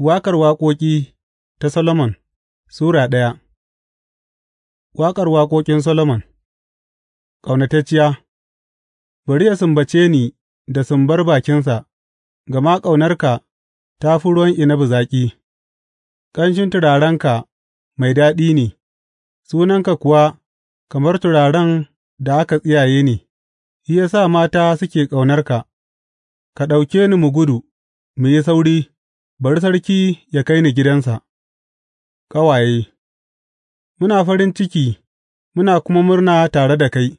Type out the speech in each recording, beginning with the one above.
Waƙar Waƙoƙi ta Solomon Sura ɗaya Waƙar Waƙoƙin Solomon Ƙaunatacciya Bari ya sumbace ni da sumbar bakinsa, gama ƙaunarka ta fi ruwan inabi zaƙi, ƙanshin turarenka mai daɗi ne, sunanka kuwa kamar turaren da aka tsiyaye ne, shi ya sa mata suke ƙaunarka, ka ɗauke ni mu gudu, mu yi sauri. Bari sarki yă kai ni gidansa Ƙawaye Muna farin ciki muna kuma murna tare da kai;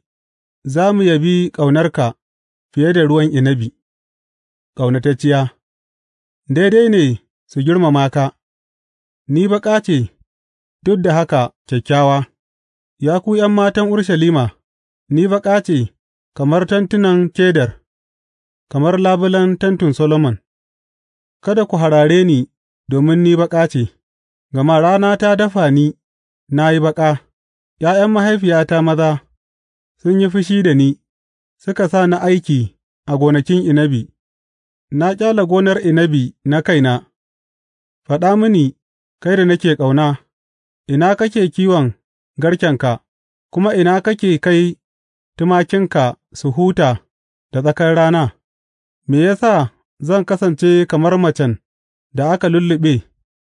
za mu yabi ƙaunarka fiye da ruwan inabi, ƙaunatacciya Daidai ne su girmama ka, ni baƙa ce, duk da haka kyakkyawa, ya ku ’yan matan urshalima. ni baƙa ce kamar tantunan Kedar, kamar labulen tentin Solomon. Kada ku harare ni domin ni baƙa ce, gama rana ta dafa ni na yi baƙa; ’ya'yan mahaifiyata maza sun yi fushi da ni suka sa na aiki a gonakin inabi, na ƙyale gonar inabi na kaina; faɗa mini, kai da nake ƙauna, ina kake kiwon garkenka kuma ina kake kai tumakinka su huta da tsakar rana, me ya sa zan kasance kamar macen da aka lulluɓe,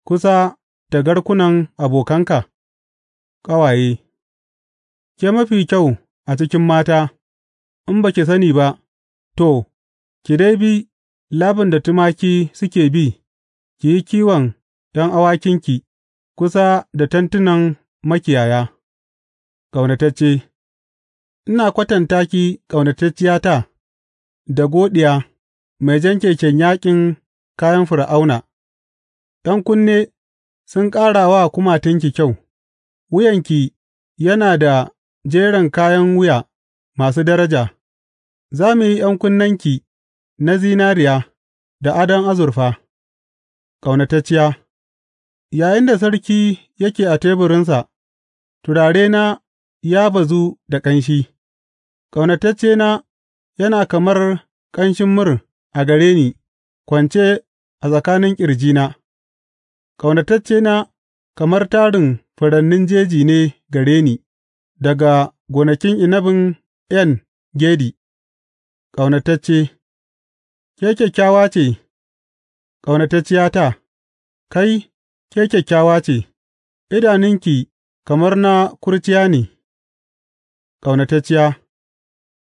kusa da garkunan abokanka? Ƙawaye Ke mafi kyau a cikin mata, in ba ki sani ba, to, ki dai bi labin da tumaki suke bi, ki yi kiwon ’yan awakinki kusa da tentunan makiyaya. Ƙaunatacce Ina kwatanta ki, ƙaunatacciyata, da goɗiya. mai jan keken yaƙin kayan Fir'auna, ’yan kunne sun ƙara wa kumatunki kyau, wuyanki yana da jerin kayan wuya masu daraja, za mu yi ’yan kunnenki na zinariya da adon azurfa, ƙaunatacciya, yayinda sarki yake a teburinsa, turarena ya bazu da ƙanshi, ƙaunataccena yana kamar ƙanshin mur a gare ni, kwance a tsakanin ƙirjina; ƙaunataccena kamar tarin furannin jeji ne gare ni daga gonakin inabin 'yan Gedi, ƙaunatacce Ke kyakkyawa ce, ƙaunatacciyata, kai, ke kyakkyawa ce, idanunki kamar na kurciya ne, ƙaunatacciya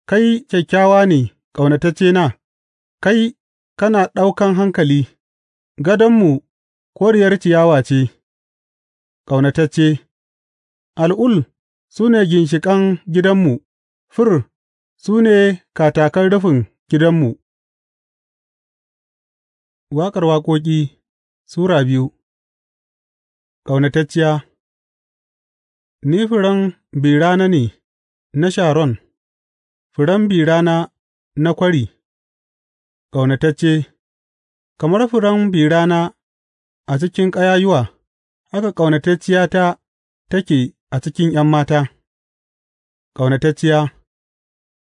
Kai kyakkyawa ne, ƙaunataccena. Kai kana ɗaukan hankali; gadonmu koriyar ciyawa ce, ƙaunatacce, al'ul su ne ginshiƙan gidanmu, fir su ne katakan rufin gidanmu. Waƙar Waƙoƙi Sura biyu Ƙaunatacciya Ni furen bi ne na Sharon, furen bi na kwari. Ƙaunatacce Kamar furen bi rana a cikin ƙayayyuwa, haka ƙaunatacciyata take a cikin ’yan mata, Ƙaunatacciya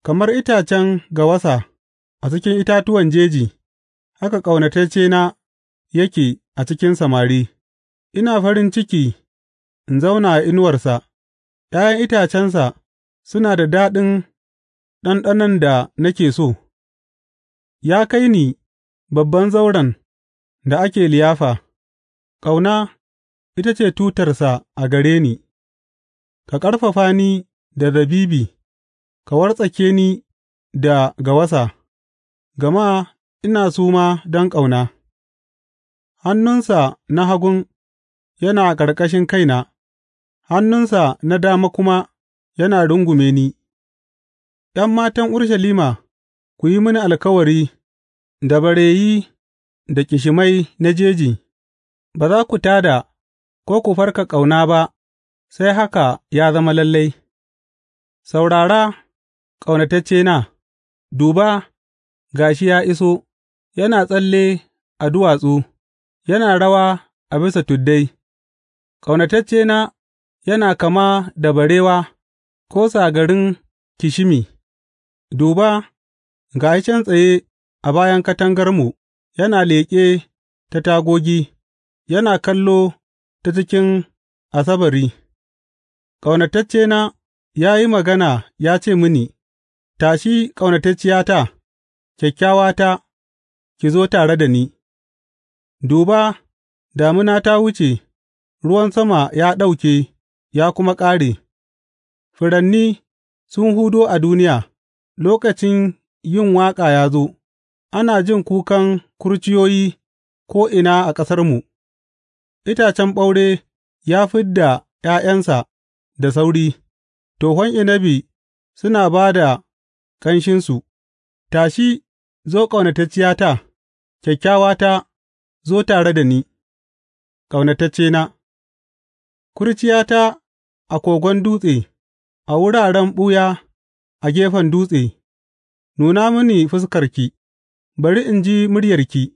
Kamar itacen gawasa a cikin itatuwan jeji, haka ƙaunataccena yake a cikin samari; ina farin ciki in zauna a inuwarsa, ’ya'yan itacensa suna da daɗin ɗanɗanon da nake so. Ya kai ni babban zauren da ake liyafa, ƙauna ita ce tutarsa a gare ni; ka ƙarfafa ni da zabibi, ka wartsake ni da gawasa, gama ina suma don ƙauna, hannunsa na hagun yana a ƙarƙashin kaina, hannunsa na dama kuma yana rungume ni, ’yan matan Urushalima. Ku yi mini alkawari da bareyi da ƙishimai na jeji; ba za ku tā da ko ku farka ƙauna ba sai haka ya zama lalle Saurara, ƙaunataccena, duba, gashi ya iso, yana tsalle a duwatsu, yana rawa a bisa tuddai; ƙaunataccena yana kama da barewa ko sagarin kishimi. duba. Ga shi can tsaye a bayan katangarmu yana leƙe ta tagogi, yana kallo ta cikin asabari; ƙaunataccena ya yi magana ya ce mini, Tashi, ƙaunatacciyata, kyakkyawata, ki zo tare da ni; duba, damina ta wuce, ruwan sama ya ɗauke ya kuma ƙare, furanni sun hudo a duniya, lokacin yin waƙa ya zo, ana jin kukan kurciyoyi ko'ina a ƙasarmu; itacen ɓaure ya fid da ’ya'yansa da sauri, tohon inabi suna ba da ƙanshinsu, tashi, zo ƙaunatacciyata, kyakkyawata, zo tare da ni, ƙaunataccena, kurciyata a kogon dutse, a wuraren ɓuya a gefen dutse. Nuna mini fuskarki, bari in ji muryarki,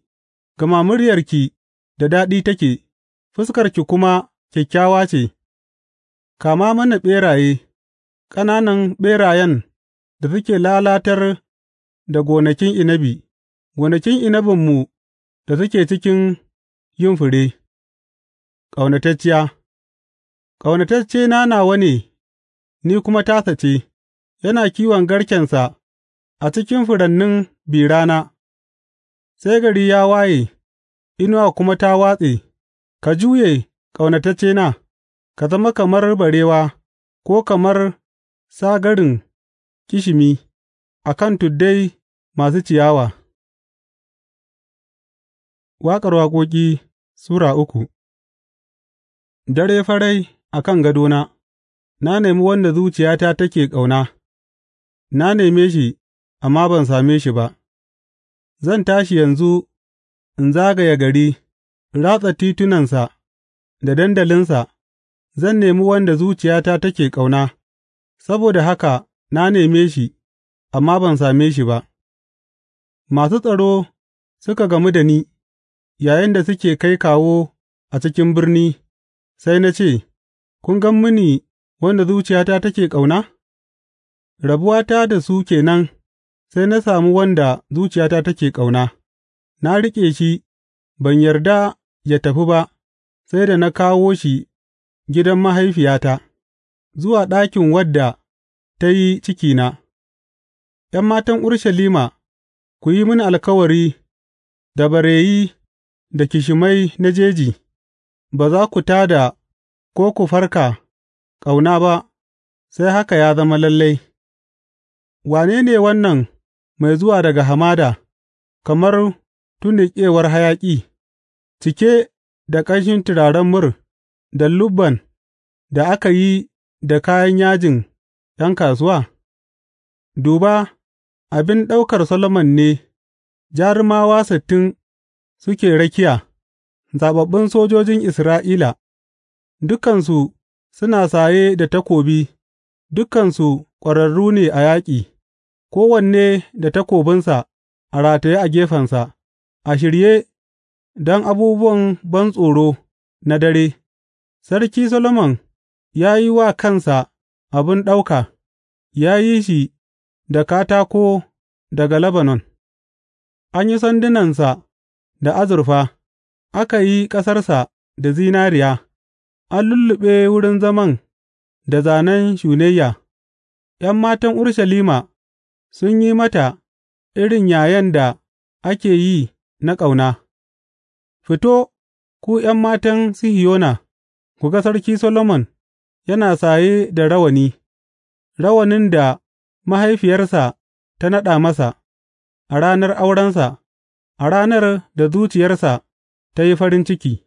gama muryarki da daɗi take, fuskarki kuma kyakkyawa ce; kama mana ɓeraye, ƙananan ɓerayen da suke lalatar da gonakin inabi, gonakin inabinmu da suke cikin yin fure. Ƙaunatacciya Ƙaunataccena nawa ne, ni kuma tasa ce; yana kiwon garkensa. A cikin furannin bi rana, sai gari ya waye, inuwa kuma ta watse, ka juye, ƙaunataccena, ka zama kamar barewa ko kamar sagarin ƙishimi a kan tuddai masu ciyawa. Waƙar Waƙoƙi Sura uku Dare farai a kan gadona, na nemi wanda zuciyata take ƙauna, na neme shi amma ban same shi ba, zan tashi yanzu in zagaya gari, in ratsa titunansa da dandalinsa, zan nemi wanda zuciyata take ƙauna, saboda haka na neme shi, amma ban same shi ba. Masu tsaro suka gamu da ni, yayinda suke kai kawo a cikin birni, sai na ce, Kun gan mini wanda zuciyata take ƙauna? Rabuwata da su ke nan. Sai na sami wanda zuciyata take ƙauna, na riƙe shi ban yarda ya tafi ba sai da na kawo shi gidan mahaifiyata, zuwa ɗakin wadda ta yi cikina, ’Yan matan Urushalima, ku yi mini alkawari da bareyi da kishimai na jeji, ba za ku tā da ko ku farka ƙauna ba sai haka ya zama lalle. Wane ne wannan? mai zuwa daga hamada, kamar tunnuƙewar hayaƙi, cike da ƙanshin turaren mur da lubban da aka yi da kayan yajin ’yan kasuwa? Duba, abin ɗaukar Solomon ne, jarumawa sittin suke rakiya, zaɓaɓɓun sojojin Isra'ila, dukansu suna saye da takobi, dukansu ƙwararru ne a yaƙi. kowanne da takobinsa a rataye a gefensa, a shirye don abubuwan bantsoro na dare, Sarki Solomon ya yi wa kansa abin ɗauka, ya yi shi da katako daga Lebanon, an yi sandunansa da azurfa, aka yi ƙasarsa da zinariya, an lulluɓe wurin zaman da zanen shunayya, ’yan matan Urushalima. Sun yi mata irin yayen da ake yi na ƙauna Fito, ku ’yan matan Sihiyona, ku ga Sarki Solomon yana saye da rawani, rawanin da mahaifiyarsa ta naɗa masa a ranar aurensa, a ranar da zuciyarsa ta yi farin ciki.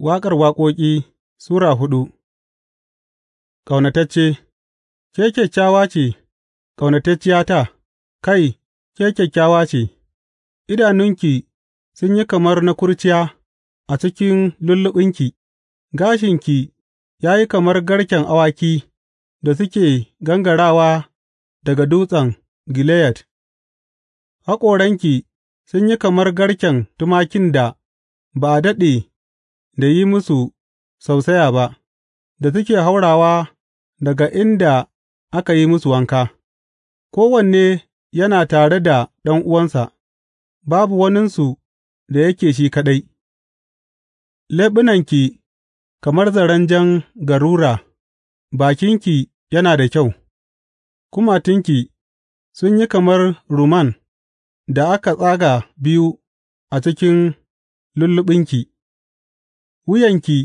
Waƙar Waƙoƙi Sura hudu Ƙaunatacce Ke kyakkyawa ce, ƙaunatacciyata, kai, ke kyakkyawa ce; idanunki sun yi kamar na kurciya a cikin lulluɓinki, gashinki ya yi kamar garken awaki da suke gangarawa daga Dutsen Gileyad, haƙoranki sun yi kamar garken tumakin da ba a daɗe da yi musu sausaya ba, da suke haurawa daga inda aka yi musu wanka, kowanne yana tare da ɗan'uwansa, babu waninsu da yake shi kaɗai; leɓunanki kamar zaren jan garura, bakinki yana da kyau, kumatunki sun yi kamar ruman da aka tsaga biyu a cikin lulluɓinki, wuyanki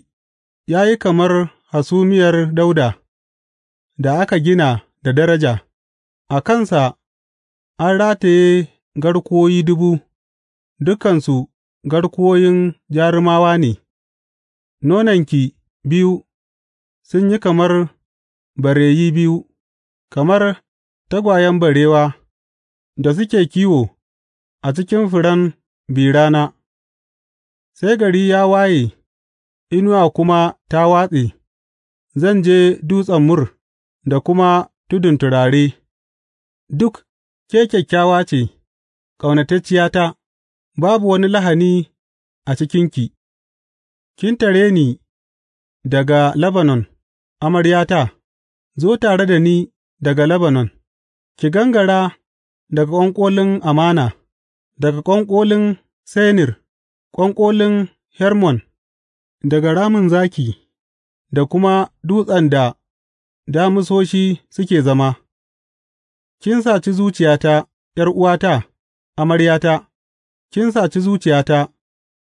ya yi kamar hasumiyar Dauda. da aka gina da daraja, a kansa an rataye garkuwoyi dubu, dukansu garkuwoyin jarumawa ne; nonanki biyu sun yi kamar bareyi biyu, kamar tagwayen barewa da suke kiwo a cikin furen bi rana, sai gari ya waye inuwa kuma ta watse, zan je dutsen mur. da kuma tudun turare, duk ke kyakkyawa ce, ƙaunatacciyata, babu wani lahani a cikinki, kin tare ni daga Lebanon, amaryata, zo tare da ni daga Lebanon, ki gangara daga ƙwanƙolin Amana, daga ƙwanƙolin Senir, ƙwanƙolin Hermon, daga ramin zaki, da kuma dutsen da damisoshi suke zama; kin saci zuciyata, ’yar'uwata, amaryata, kin saci zuciyata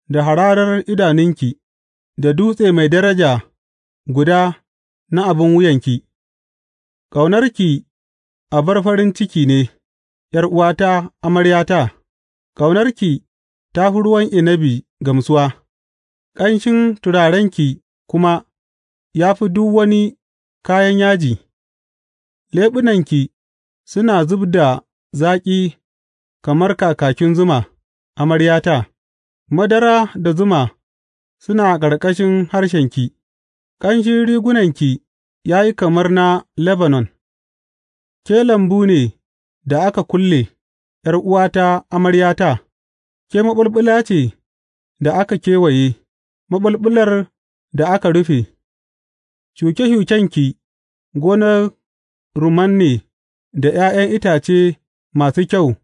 da hararar idanunki, da dutse mai daraja guda na abin wuyanki; ƙaunarki a bar farin ciki ne, ’yar'uwata, amaryata, ƙaunarki ta fi ruwan inabi gamsuwa, ƙanshin turarenki kuma ya fi duk wani kayan yaji Leɓunanki suna zub da zaƙi kamar kakakin zuma, amaryata; madara da zuma suna a ƙarƙashin harshenki, ƙanshin rigunanki ya yi kamar na Lebanon, ke lambu ne da aka kulle, ’yar'uwata, amaryata; ke maɓulɓula ce da aka kewaye, maɓulɓular da aka rufe. Shuke shukenki gonar rumman ne da ’ya'yan itace masu kyau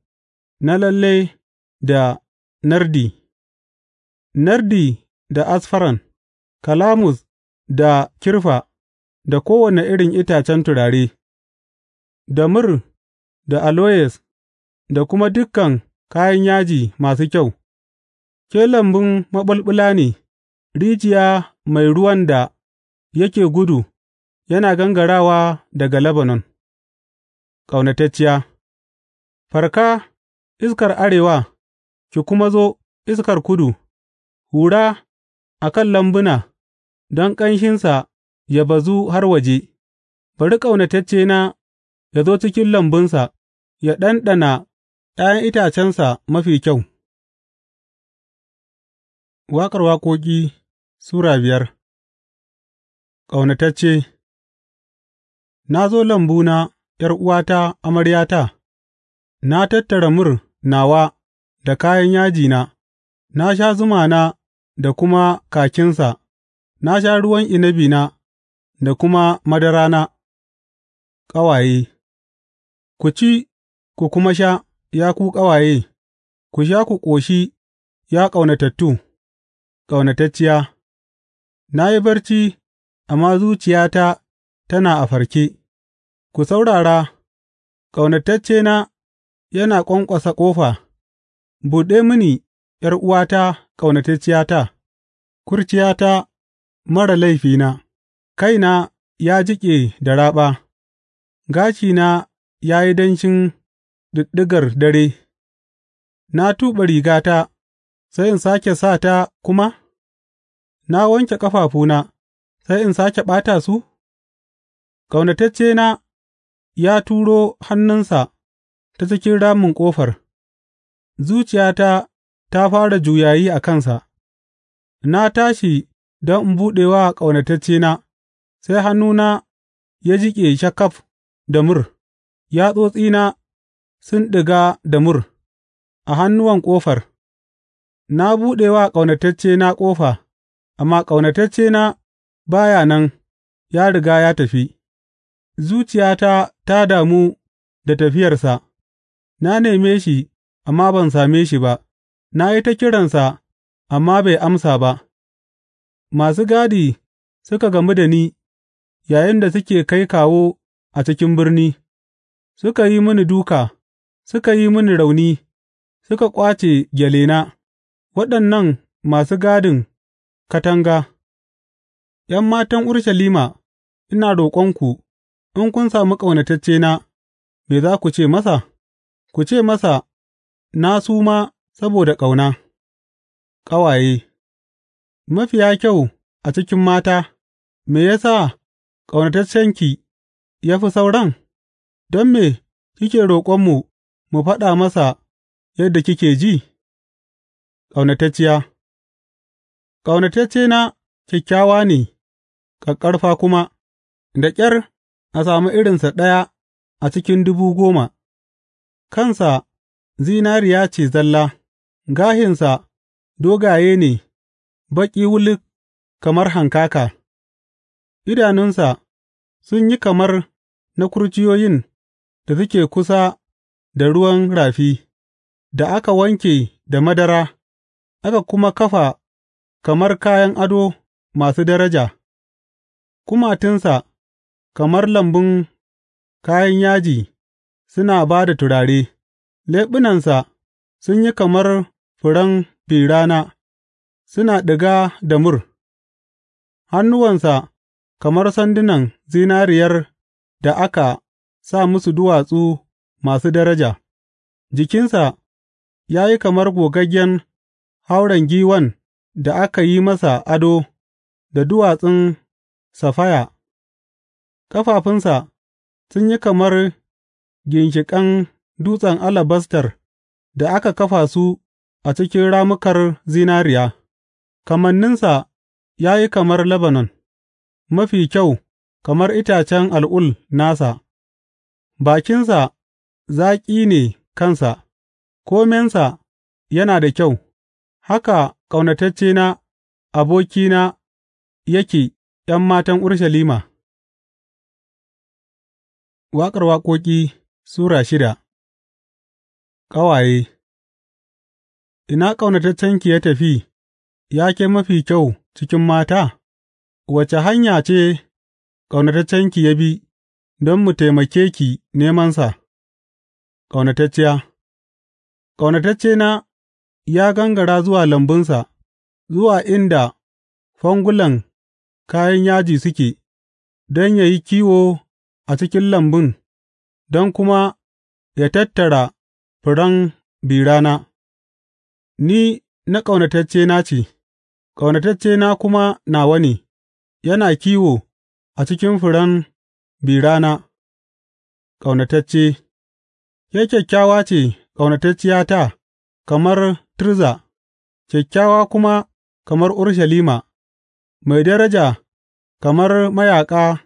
na lalle da nardi, nardi da asfaran, kalamus da kirfa da kowane irin itacen turare, da mur da aloyes da kuma dukan kayan yaji masu kyau, ke lambun maɓulɓula ne, rijiya mai ruwan da yake gudu yana gangarawa daga Lebanon Ƙaunatacciya Farka, iskar arewa, ki kuma zo, iskar kudu, hura a kan lambuna, don ƙanshinsa ya bazu har waje; bari ƙaunataccena ya zo cikin lambunsa ya ɗanɗana ’ya'yan itacensa mafi kyau. Waƙar Waƙoƙi Sura biyar Ƙaunatacce Na zo lambuna, ’yar'uwata, amaryata; na tattara mur nawa da kayan yajina, na sha zumana da kuma kakinsa, na sha ruwan inabina da kuma madarana. Ƙawaye Ku ci, ku kuma sha, ya ku ƙawaye, ku sha ku ƙoshi, ya ƙaunatattu, ƙaunatacciya, na yi barci. amma zuciyata tana a farke; ku saurara, ƙaunataccena yana ƙwanƙwasa ƙofa, buɗe mini, ’yar'uwata ƙaunatacciyata, kurciyata marar laifina, kaina ya jiƙe da raɓa, gashina ya yi danshin ɗiɗɗigar dare, na tuɓe rigata, sai in sake sa ta kuma? Na wanke ƙafafuna. sai in sake ɓata su? Ƙaunataccena ya turo hannunsa ta cikin ramin ƙofar, zuciyata ta fara juyayi a kansa, na tashi don in buɗe wa ƙaunataccena, sai hannuna ya jiƙe shakaf da mur, yatsotsina sun ɗiga da mur a hannuwan ƙofar, na buɗe wa ƙaunataccena ƙofa, amma ƙaunataccena ba ya nan, ya riga ya tafi, zuciyata ta damu da tafiyarsa, na neme shi amma ban same shi ba, na yi ta kiransa amma bai amsa ba, masu gadi suka gamu da ni yayinda suke kai kawo a cikin birni, suka yi mini duka, suka yi mini rauni, suka ƙwace gyalena, waɗannan masu gadin katanga. ’Yan matan Urushalima, ina roƙonku, in kun sami ƙaunataccena, me za ku ce masa? Ku ce masa, Na suma saboda ƙauna. Ƙawaye Mafiya kyau a cikin mata, me ya sa ƙaunataccenki ya fi sauran? Don me kike roƙonmu mu faɗa masa yadda kike ji? Ƙaunatacciya Ƙaunataccena kyakkyawa ne. ƙaƙƙarfa kuma, da ƙyar a sami irinsa ɗaya a cikin dubu goma, kansa zinariya ce zalla, gashinsa dogaye ne, baƙi wuluk kamar hankaka, idanunsa sun yi kamar na kurciyoyin da suke kusa da ruwan rafi, da aka wanke da madara, aka kuma kafa kamar kayan ado masu daraja. Kumatunsa kamar lambun kayan yaji suna ba da turare; leɓunansa sun yi kamar furen bi rana suna ɗiga da mur; hannuwansa kamar sandunan zinariyar da aka sa musu duwatsu masu daraja; jikinsa ya yi kamar gogaggen hauren giwan da aka yi masa ado da duwatsun Safaya. Ƙafafunsa sun yi kamar ginshiƙan dutsen alabastar da aka kafa su a cikin ramukar zinariya; kamanninsa ya yi kamar Lebanon, mafi kyau kamar itacen al'ul nasa; bakinsa zaƙi ne kansa, komensa yana da kyau, haka ƙaunataccena, abokina, yake. ’Yan matan Urushalima Waƙar Waƙoƙi Sura shida Ƙawaye Ina ƙaunataccenki ya tafi, ya ke mafi kyau cikin mata, wace hanya ce ƙaunataccenki ya bi don mu taimake ki nemansa, ƙaunatacciya Ƙaunataccena ya gangara zuwa lambunsa, zuwa inda fangulan kayan yaji suke, don yă yi kiwo a cikin lambun don kuma yă tattara furen bi rana, ni na ƙaunataccena ce, ƙaunataccena kuma nawa ne, yana kiwo a cikin furen bi rana, ƙaunatacce, ke kyakkyawa ce ƙaunatacciyata kamar Tirza, kyakkyawa kuma kamar Urushalima. Mai daraja kamar mayaƙa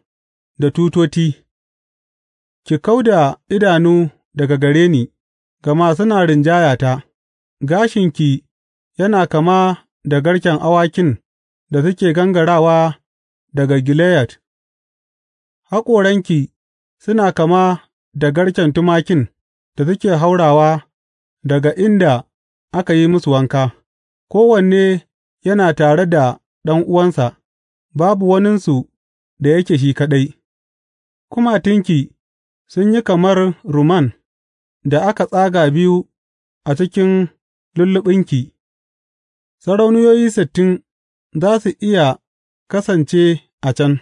da tutoti, ki kau da idanu daga gare ni, gama suna rinjayata; gashinki yana kama da garken awakin da suke gangarawa daga Gileyad, haƙoranki suna kama da garken tumakin da suke haurawa daga inda aka yi musu wanka; kowanne yana tare da ɗan'uwansa, babu waninsu da yake shi kaɗai; kumatunki sun yi kamar rumman da aka tsaga biyu a cikin lulluɓinki, sarauniyoyi sittin za su iya kasance a can,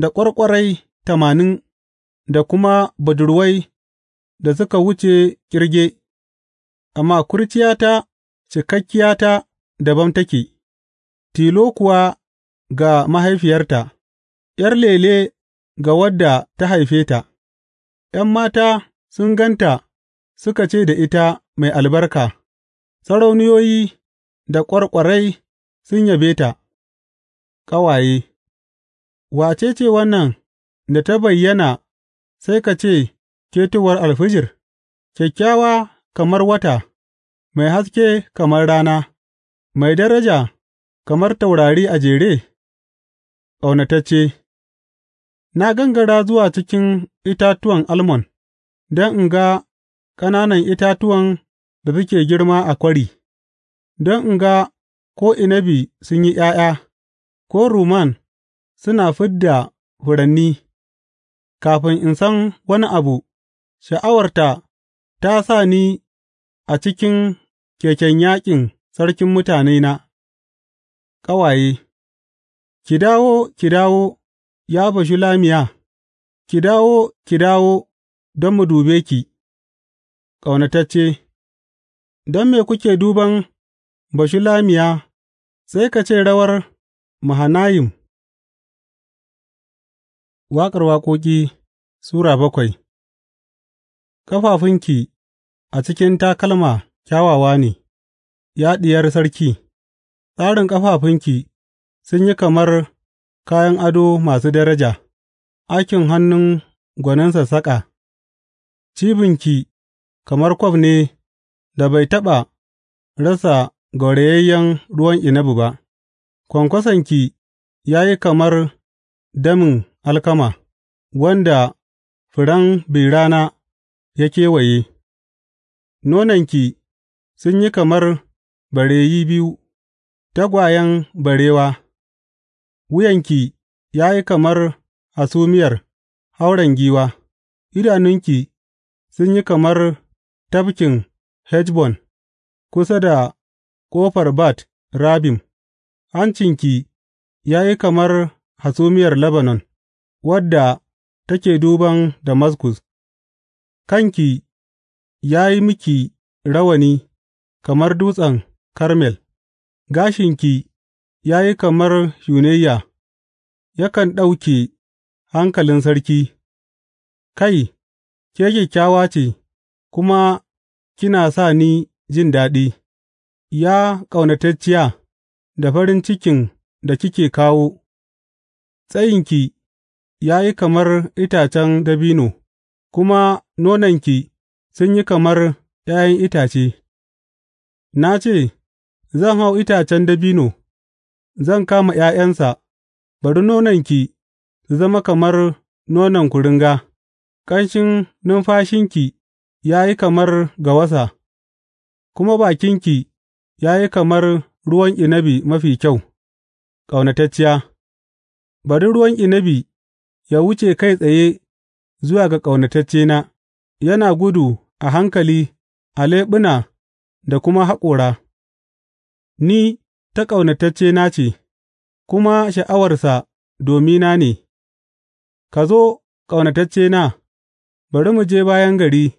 da ƙwarƙwarai tamanin da kuma budurwai da suka wuce ƙirge, amma kurciyata cikakkiyata dabam take. tilo kuwa ga mahaifiyarta, ’yar lele ga wadda ta haife ta; ’yan mata sun ganta suka ce da ita mai albarka, sarauniyoyi da ƙwarƙwarai sun yabe ta. Ƙawaye Wace ce wannan da ta bayyana sai ka ce ketowar alfijir, kyakkyawa kamar wata, mai haske kamar rana, mai daraja? Kamar taurari a jere, Ƙaunatacce Na gangara zuwa cikin itatuwan almon don in ga ƙananan itatuwan da suke girma a kwari, don in ga ko inabi sun yi ’ya'ya, ko Ruman suna fid da furanni, kafin in san wani abu, sha'awarta ta sa ni a cikin keken yaƙin sarkin mutanena. Ƙawaye Ki dawo, ki dawo, ya Bashulamiya, ki dawo, ki dawo, don mu dube ki, Ƙaunatacce Don me kuke duban lamiya sai ka ce rawar Mahanayim? Waƙar Waƙoƙi Sura bakwai Ƙafafunki a cikin takalma kyawawa ne, ya Diyar Sarki. Tsarin ƙafafunki sun yi kamar kayan ado masu daraja, aikin hannun gwanin sassaƙa; cibinki kamar kwaf ne da bai taɓa rasa gaurayayyen ruwan inabi ba, kwankwasonki ya yi kamar damin alkama wanda furen bi rana ya kewaye; nonanki sun yi kamar bareyi biyu. Tagwayen barewa Wuyanki ya yi kamar hasumiyar hauren giwa, idanunki sun yi kamar tafkin Heshbon kusa da ƙofar Bat Rabbim; hancinki ya yi kamar hasumiyar Lebanon wadda take duban Damaskus, kanki ya yi miki rawani kamar Dutsen Karmel. Gashinki ya yi kamar shunayya; yakan ɗauke hankalin sarki, Kai, ke kyakkyawa ce kuma kina sa ni jin daɗi, Ya ƙaunatacciya, da farin cikin da kike kawo, tsayinki ya yi kamar itacen dabino, kuma nonanki sun yi kamar ’ya'yan itace, na ce. Zan hau itacen dabino, zan kama ’ya'yansa; bari nonanki su zama kamar nonon kuringa, ƙanshin numfashinki ya yi kamar gawasa, kuma bakinki ya yi kamar ruwan inabi mafi kyau, ƙaunatacciya; bari ruwan inabi ya wuce kai tsaye zuwa ga ƙaunataccena, yana gudu a hankali a leɓuna da kuma haƙora. Ni ta ƙaunataccena ce, kuma sha'awarsa domina ne; ka zo, ƙaunataccena, bari mu je bayan gari,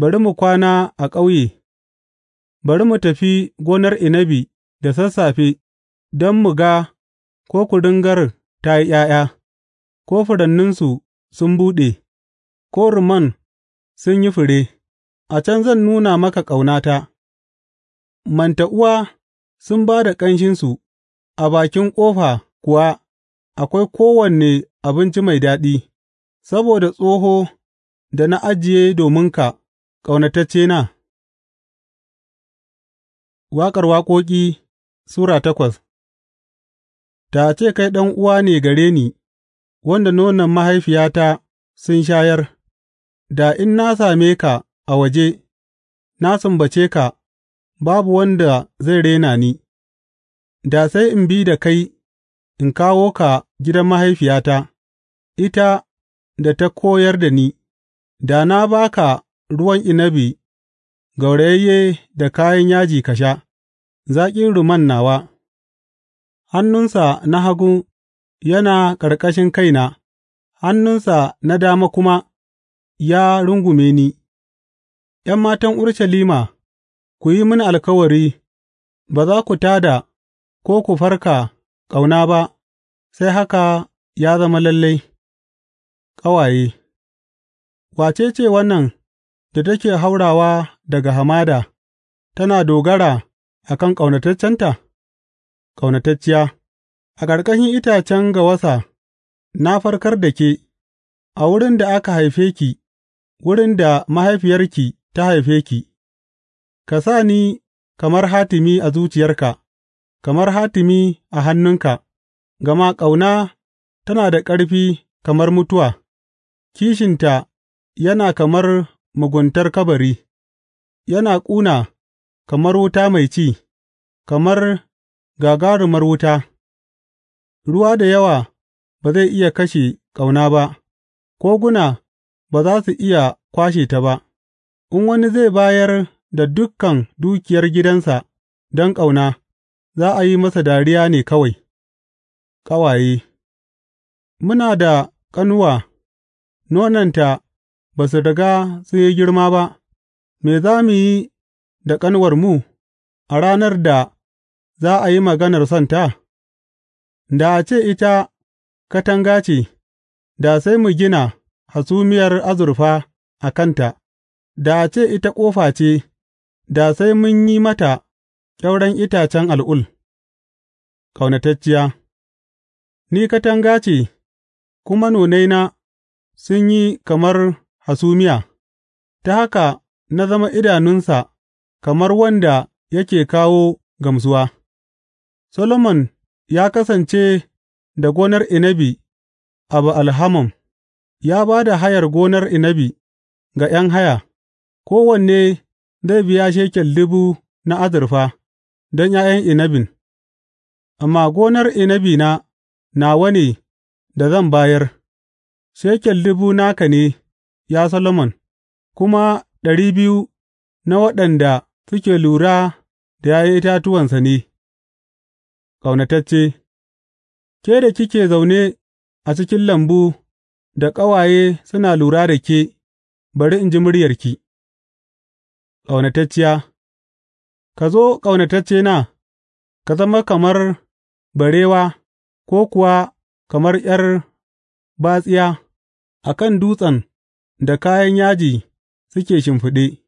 bari mu kwana a ƙauye, bari mu tafi gonar inabi da sassafe don mu ga ko kuringar ta yi ’ya'ya, ko furanninsu sun buɗe, ko rumman sun yi fure, a can zan nuna maka ƙaunata, manta uwa. sun ba da ƙanshinsu, a bakin ƙofa kuwa akwai kowane abinci mai daɗi; saboda tsoho da na ajiye dominka, ƙaunataccena. Waƙar Waƙoƙi Sura takwas ta ce kai uwa ne gare ni, wanda nonon mahaifiyata sun shayar, da in na same ka a waje, na sumbace ka. babu wanda zai rena ni, da sai in bi da kai in kawo ka gidan mahaifiyata, ita da ta koyar da ni, da na ba ka ruwan inabi gaurayayye da kayan yaji ka sha, zaƙin rumman nawa, hannunsa na hagu yana ƙarƙashin kaina, hannunsa na dama kuma ya rungume ni, ’yan matan Urushalima. Ku yi mini alkawari ba za ku tā da ko ku farka ƙauna ba sai haka ya zama lalle Ƙawaye Wace ce wannan da take haurawa daga hamada, tana dogara a kan ƙaunataccenta? Ƙaunatacciya A ƙarƙashin itacen gawasa na farkar da ke, a wurin da aka haife ki, wurin da mahaifiyarki ta haife ki. Ka sa ni kamar hatimi a zuciyarka, kamar hatimi a hannunka, gama ƙauna tana da ƙarfi kamar mutuwa, kishinta yana kamar muguntar kabari, yana ƙuna kamar wuta mai ci, kamar gagarumar wuta, ruwa da yawa ba zai iya kashe ƙauna ba, koguna ba za su iya kwashe ta ba, in wani zai bayar da dukan dukiyar gidansa don ƙauna, za a yi masa dariya ne kawai. Ƙawaye Muna da ƙanuwa, nonanta ba su riga sun yi girma ba, me za mu yi da mu a ranar da za a yi maganar santa? Da a ce ita katanga ce, da sai mu gina hasumiyar azurfa a kanta, da a ce ita ƙofa ce, da sai mun yi mata ƙyauren itacen al'ul, ƙaunatacciya, ni katanga ce, kuma nonaina sun yi kamar hasumiya, ta haka na zama idanunsa kamar wanda yake kawo gamsuwa. Solomon ya kasance da gonar inabi a Ba'al ya ba da hayar gonar inabi ga ’yan haya, kowanne Zai biya shekel dubu na azurfa don ’ya'yan inabin, amma gonar inabina nawa ne da zan bayar; shekel dubu naka ne, ya Solomon, kuma ɗari biyu na waɗanda suke lura da ’ya'yan itatuwansa ne. Ƙaunatacce Ke da kike zaune a cikin lambu da ƙawaye suna lura da ke, bari in ji muryarki. Ƙaunatacciya Ka zo, ƙaunataccena, ka zama kamar barewa ko kuwa kamar ’yar batsiya a kan dutsen da kayan yaji suke shimfiɗe.